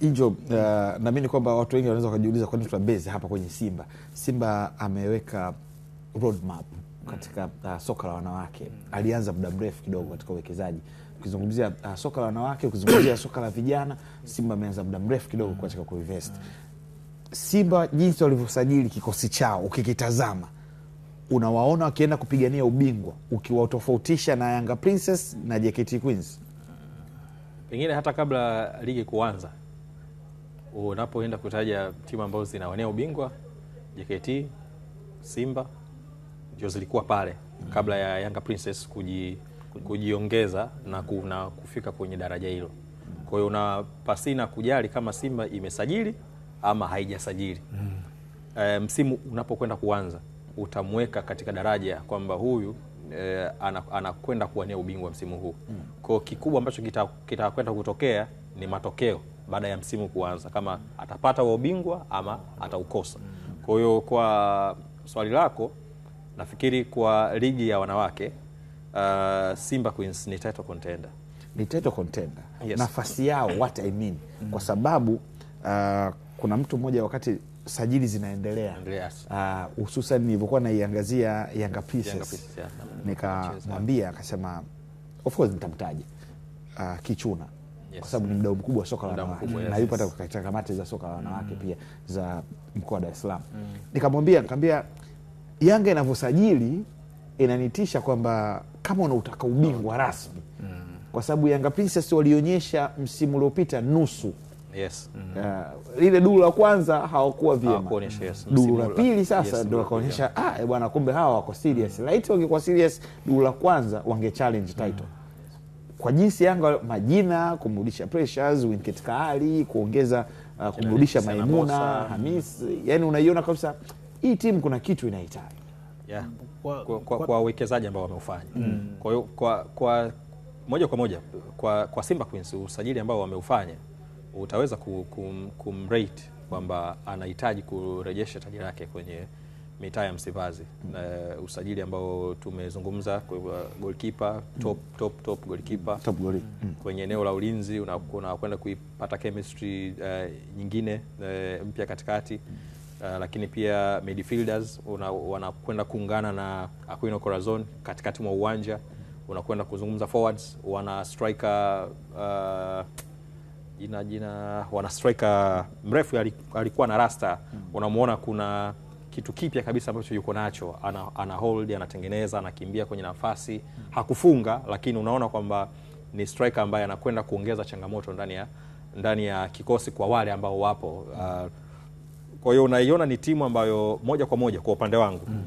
hijo uh, naamini kwamba watu wengi wanaweza wakajiuliza tuna tunabezi hapa kwenye Simba. Simba ameweka roadmap katika uh, soka la wanawake Alianza muda mrefu kidogo katika uwekezaji ukizungumzia uh, soka la wanawake, ukizungumzia soka la vijana, Simba ameanza muda mrefu kidogo katika kuinvest. Simba jinsi walivyosajili kikosi chao, ukikitazama unawaona wakienda kupigania ubingwa, ukiwatofautisha na Yanga Princess na JKT Queens, pengine hata kabla ligi kuanza unapoenda kutaja timu ambazo zinawania ubingwa JKT, Simba ndio zilikuwa pale kabla ya Yanga Princess kuji, kujiongeza na, ku, na kufika kwenye daraja hilo. Kwa hiyo una pasina kujali kama Simba imesajili ama haijasajili hmm. eh, msimu mm. E, unapokwenda kuanza utamweka katika daraja kwamba huyu e, anakwenda ana kuwania ubingwa msimu huu mm. Kwa hiyo kikubwa ambacho kitakwenda kita kutokea ni matokeo baada ya msimu kuanza, kama atapata huo ubingwa ama ataukosa. Kwa hiyo kwa swali lako, nafikiri kwa ligi ya wanawake uh, Simba Queens ni title contender, ni title contender. Yes. nafasi yao what I mean mm. kwa sababu uh, kuna mtu mmoja wakati sajili zinaendelea uh, hususan uh, nilivyokuwa naiangazia Yanga yeah. nikamwambia akasema, of course nitamtaja uh, Kichuna yes. kwa sababu ni mdau mkubwa wa soka la wanawake yes. na yupo hata katika kamati za soka la mm. wanawake mm. pia za mkoa wa Dar es Salaam mm. nikamwambia nikamwambia, Yanga inavyosajili inanitisha kwamba kama unautaka ubingwa rasmi mm. kwa sababu Yanga Princess walionyesha msimu uliopita nusu yes. mm. mm. uh, lile duru la kwanza hawakuwa vyema yes. duru la pili sasa yes, ndo wakaonyesha ah, bwana kumbe hawa wako serious mm. laiti wangekuwa serious duru la kwanza wange challenge title mm kwa jinsi Yanga majina kumrudisha pressures Winket Kaali kuongeza uh, kumrudisha Maimuna Hamis, yani unaiona kabisa hii timu kuna kitu inahitaji yeah. kwa wawekezaji ambao wameufanya mm. kwa hiyo kwa, kwa moja kwa moja kwa, kwa Simba Queens usajili ambao wameufanya utaweza kumrate kum, kwamba anahitaji kurejesha taji lake kwenye mitaa ya Msivazi mm. Uh, usajili ambao tumezungumza kwa goalkeeper top, mm. top, top goalkeeper top goal. Mm. mm. Kwenye eneo la ulinzi unakwenda kuipata chemistry uh, nyingine uh, mpya katikati Uh, lakini pia midfielders wanakwenda kuungana na Aquino Corazon katikati mwa uwanja unakwenda kuzungumza forwards, wana striker uh, jina jina wana striker mrefu alikuwa na rasta mm. Unamuona kuna kitu kipya kabisa ambacho yuko nacho, ana, ana hold, anatengeneza, anakimbia kwenye nafasi, hakufunga, lakini unaona kwamba ni striker ambaye anakwenda kuongeza changamoto ndani ya ndani ya kikosi kwa wale ambao wapo uh, kwa hiyo unaiona ni timu ambayo moja kwa moja kwa upande wangu mm.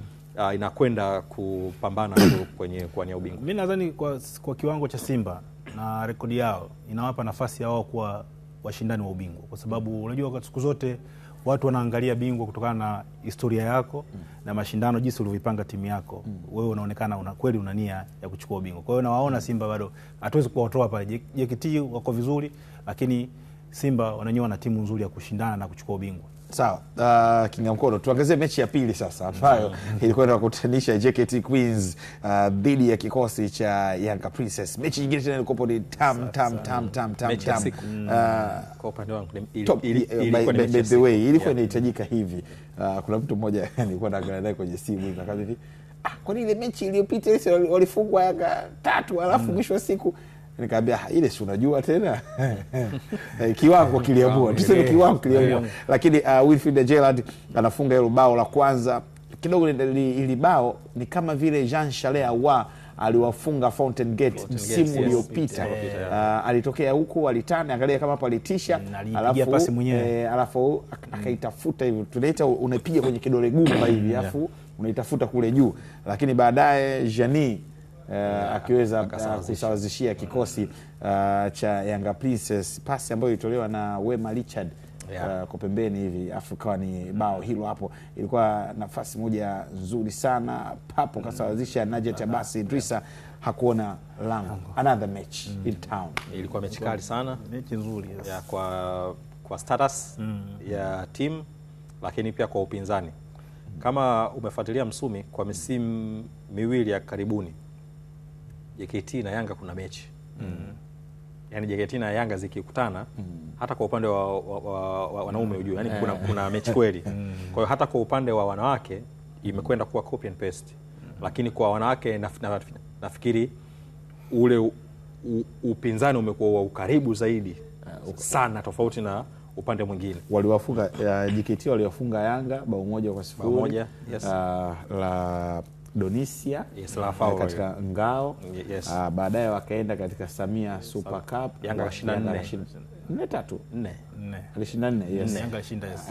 Uh, inakwenda kupambana kwenye kuwania ubingwa. Mimi nadhani kwa, kwa kiwango cha Simba na rekodi yao inawapa nafasi ya wao kuwa washindani wa ubingwa, kwa sababu unajua siku zote watu wanaangalia bingwa kutokana na historia yako mm. na mashindano, jinsi ulivyoipanga timu yako mm. wewe unaonekana una kweli una nia ya kuchukua ubingwa. Kwa hiyo nawaona mm. Simba bado hatuwezi kuwatoa pale. JKT wako vizuri, lakini Simba wananyewa na timu nzuri ya kushindana na kuchukua ubingwa. Sawa, uh, ah, Kingamkono, tuangazie mechi ya pili sasa ambayo ilikwenda inakutanisha JKT Queens ah, dhidi uh, ya kikosi cha Yanga Princess. Mechi nyingine tena ilikuwa ni tam tam tam tam tam mm, tam, ah, kwa upande wangu eh, by the way ilikuwa inahitajika hivi. Uh, kuna mtu mmoja nilikuwa naangalia naye kwenye simu hivi, kwani ile mechi iliyopita walifungwa Yanga tatu alafu mm. mwisho wa siku Nikaambia ile si unajua tena eh, kiwango kiliamua, tuseme kiwango kiliamua. Eh. Lakini uh, Wilfried Gerald anafunga hilo bao la kwanza kidogo, ili bao ni kama vile Jean Charles Ahoua aliwafunga Fountain Gate msimu uliopita. Yes, yeah. Uh, alitokea huku alitana, angalia kama hapo alitisha, mm, alafu e, akaitafuta hivo tunaita unapiga kwenye kidole gumba hivi, mm, alafu unaitafuta kule juu, lakini baadaye Jani Uh, akiweza kusawazishia kikosi uh, cha Yanga Princess, pasi ambayo ilitolewa na Wema Richard yeah. Uh, kwa pembeni hivi afukawa ni bao hilo hapo, ilikuwa nafasi moja nzuri sana papo mm. kasawazisha Najet Abasi Idrisa hakuona lango. Another match mm. in town, ilikuwa mechi kali sana, mechi nzuri yes. ya kwa, kwa status mm. ya timu lakini pia kwa upinzani. Kama umefuatilia Msumi kwa misimu miwili ya karibuni JKT na Yanga kuna mechi mm. Yani JKT na Yanga zikikutana mm. hata kwa upande wa, wa, wa, wa wanaume ujue yani eh. kuna, kuna mechi kweli mm. Kwa hiyo hata kwa upande wa wanawake imekwenda kuwa copy and paste mm. Lakini kwa wanawake naf, naf, nafikiri ule u, u, upinzani umekuwa wa ukaribu zaidi uh, ah, okay. Sana tofauti na upande mwingine waliwafunga uh, waliwafunga Yanga bao moja kwa sifuri yes. uh, la Donisia yes, eh, katika ngao yes. Uh, baadaye wakaenda katika Samia Super Cup Yanga nne tatu alishinda nne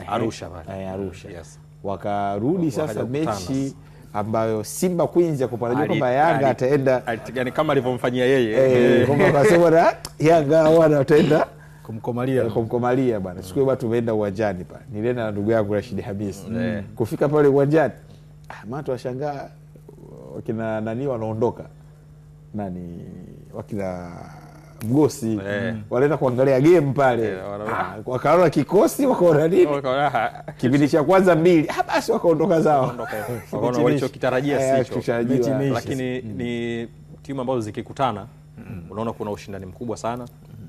Arusha pale Arusha yes. wakarudi sasa mechi ambayo Simba Queens ya kupanajua kwamba Yanga ataenda kama alivyomfanyia yeye kwamba Yanga wana wataenda kumkomalia eh, kumkomalia bwana. Siku hiyo tumeenda uwanjani pale, nilienda na ndugu yangu Rashid Hamisi. Kufika pale uwanjani, ah, mama wakina nani wanaondoka nani wakina mgosi yeah. walienda kuangalia game pale yeah, eh, wakaona kikosi wakaona nini ah, ah. kipindi cha kwanza mbili ah, basi wakaondoka zao walichokitarajia eh, lakini mm. ni timu ambazo zikikutana mm. unaona kuna ushindani mkubwa sana mm.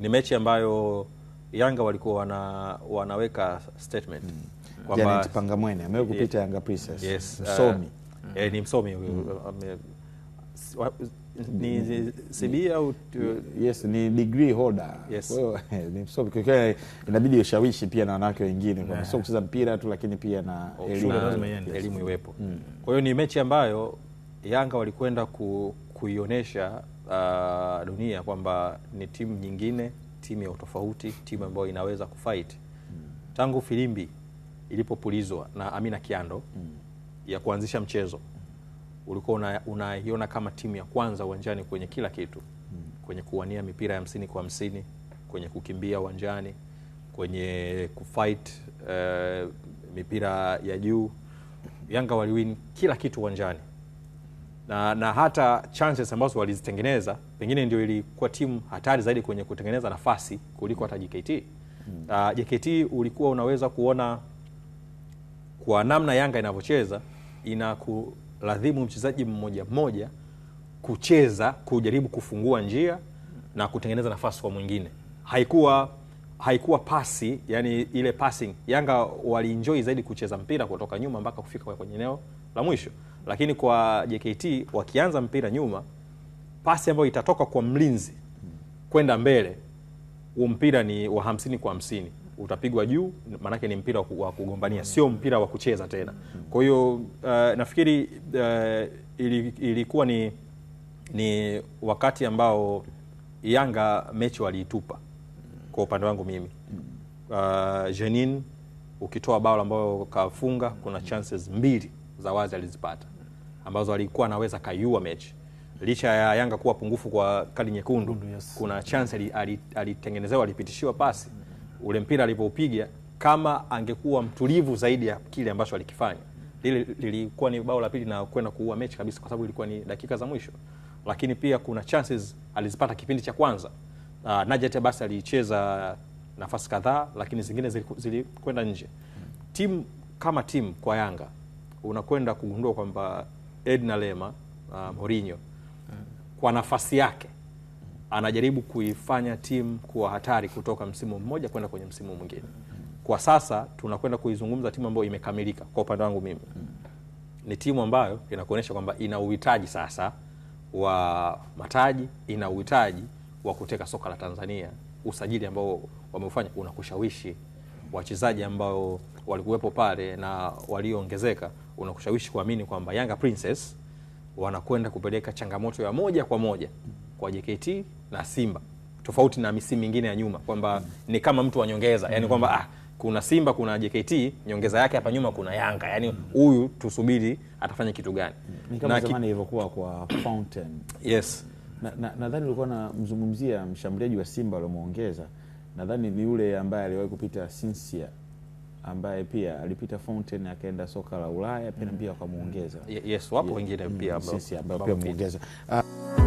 ni mechi ambayo yanga walikuwa wana, wanaweka statement mm. kwamba pangamwene kupita yeah. yanga princess yes. Uh, msomi uh, mm. eh, ni msomi huyu eh, mm. ni CB au yes, ni degree holder yes. Kwa hiyo ni msomi kwa hiyo inabidi ushawishi pia na wanawake wengine kwa eh. sababu kucheza mpira tu, lakini pia na oh, elimu iwepo. Mm. Kwa hiyo ni mechi ambayo Yanga walikwenda ku, kuionyesha uh, dunia kwamba ni timu nyingine, timu ya utofauti, timu ambayo inaweza kufight mm. tangu filimbi ilipopulizwa na Amina Kiando mm ya kuanzisha mchezo ulikuwa unaiona una kama timu ya kwanza uwanjani kwenye kila kitu kwenye kuwania mipira ya hamsini kwa hamsini kwenye kukimbia uwanjani kwenye kufight uh, mipira ya juu. Yanga waliwin kila kitu uwanjani na, na hata chances ambazo walizitengeneza pengine ndio ilikuwa timu hatari zaidi kwenye kutengeneza nafasi kuliko hata JKT. Uh, ah, JKT ulikuwa unaweza kuona kwa namna Yanga inavyocheza kuladhimu mchezaji mmoja mmoja kucheza, kujaribu kufungua njia na kutengeneza nafasi kwa mwingine. Haikuwa haikuwa pasi, yani ile passing. Yanga walienjoy zaidi kucheza mpira kutoka nyuma mpaka kufika kwenye eneo la mwisho, lakini kwa JKT wakianza mpira nyuma, pasi ambayo itatoka kwa mlinzi kwenda mbele, huo mpira ni wa hamsini kwa hamsini utapigwa juu, maanake ni mpira wa kugombania, sio mpira wa kucheza tena. Kwa hiyo uh, nafikiri uh, ilikuwa ni, ni wakati ambao Yanga mechi waliitupa kwa upande wangu mimi uh, Jenin ukitoa bao ambayo kafunga, kuna chances mbili za wazi alizipata ambazo alikuwa anaweza kaiua mechi licha ya Yanga kuwa pungufu kwa kadi nyekundu. Yes. Kuna chance alitengenezewa, alipitishiwa pasi ule mpira alivyoupiga, kama angekuwa mtulivu zaidi ya kile ambacho alikifanya. Lile lilikuwa ni bao la pili na kwenda kuua mechi kabisa, kwa sababu ilikuwa ni dakika za mwisho. Lakini pia kuna chances alizipata kipindi cha kwanza. Uh, Najat basi alicheza nafasi kadhaa, lakini zingine zilikwenda zili nje. Timu kama timu kwa Yanga unakwenda kugundua kwamba Edna Lema uh, Mourinho kwa nafasi yake anajaribu kuifanya timu kuwa hatari kutoka msimu mmoja kwenda kwenye msimu mwingine. Kwa sasa tunakwenda kuizungumza timu ambayo imekamilika. Kwa upande wangu mimi, ni timu ambayo inakuonyesha kwamba ina uhitaji sasa wa mataji, ina uhitaji wa kuteka soka la Tanzania. Usajili ambao wameufanya unakushawishi wachezaji ambao walikuwepo pale na walioongezeka, unakushawishi kuamini kwamba Yanga Princess wanakwenda kupeleka changamoto ya moja kwa moja kwa JKT na Simba, tofauti na misimu mingine ya nyuma kwamba mm. ni kama mtu anyongeza nyongeza mm. yani kwamba ah, kuna Simba kuna JKT nyongeza yake hapa nyuma kuna Yanga, yani huyu mm. tusubiri atafanya kitu gani? Ni kama zamani ilivyokuwa kwa Fountain. Yes, nadhani na, na ulikuwa namzungumzia mshambuliaji wa Simba aliomuongeza, nadhani ni yule ambaye aliwahi kupita Sincia ambaye pia alipita Fountain akaenda soka la Ulaya pia mm. pia wakamuongeza. Yes, wapo wengine yeah. Mm, pia ambao pia muongeza